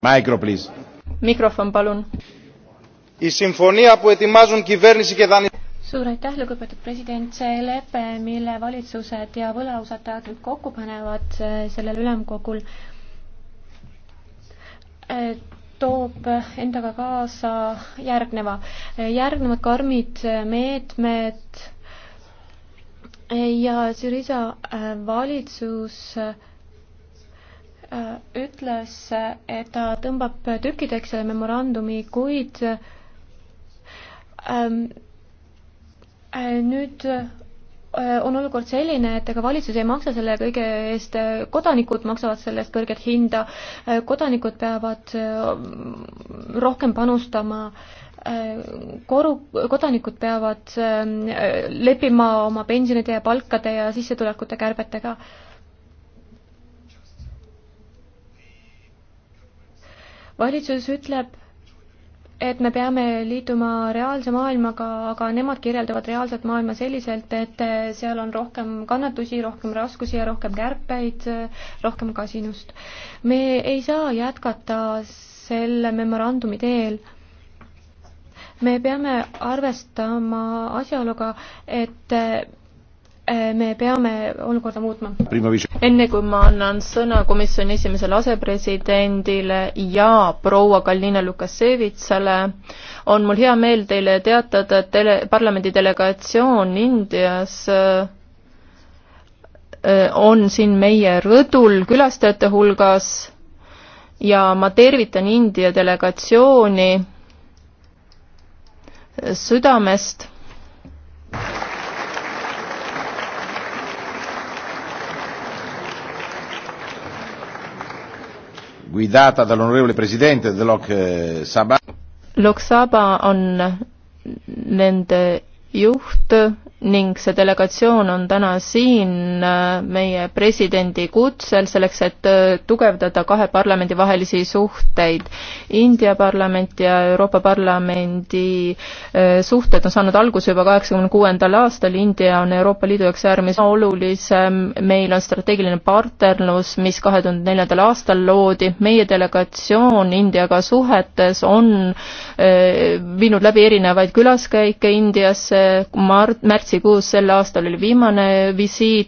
Micro, please. Mikrofon, palun. Η συμφωνία που ετοιμάζουν κυβέρνηση και δανειστές suur aitäh, lugupeetud president, see lepe, mille valitsused ja võlausaldajad nüüd kokku panevad eh, sellel ülemkogul, eh, toob endaga kaasa järgneva, eh, järgnevad karmid meetmed ja Syriza valitsus Äh, ütles, et ta tõmbab tükkideks selle memorandumi, kuid ähm, äh, nüüd äh, on olukord selline, et ega valitsus ei maksa selle kõige eest, kodanikud maksavad selle eest kõrget hinda, kodanikud peavad rohkem panustama, koru, kodanikud peavad leppima oma pensionide ja palkade ja sissetulekute kärbetega valitsus ütleb, et me peame liituma reaalse maailmaga, aga nemad kirjeldavad reaalset maailma selliselt, et seal on rohkem kannatusi, rohkem raskusi ja rohkem kärpeid, rohkem kasinust. me ei saa jätkata selle memorandumi teel. me peame arvestama asjaoluga, et Äh, me peame olukorda muutma. enne kui ma annan sõna komisjoni esimesele asepresidendile ja proua Kalina Lukasevitsale, on mul hea meel teile teatada, et tele, parlamendi delegatsioon Indias äh, on siin meie rõdul külastajate hulgas ja ma tervitan India delegatsiooni südamest guidata dall'onorevole presidente Lok eh, Sabah. Lok Sabah on nende juht ning see delegatsioon on täna siin äh, meie presidendi kutsel selleks, et äh, tugevdada kahe parlamendi vahelisi suhteid. India parlament ja Euroopa Parlamendi äh, suhted on saanud alguse juba kaheksakümne kuuendal aastal, India on Euroopa Liidu jaoks äärmiselt olulisem, meil on strateegiline partnerlus, mis kahe tuhande neljandal aastal loodi, meie delegatsioon Indiaga suhetes on viinud läbi erinevaid külaskäike Indiasse, märtsis märtsikuus, sel aastal oli viimane visiit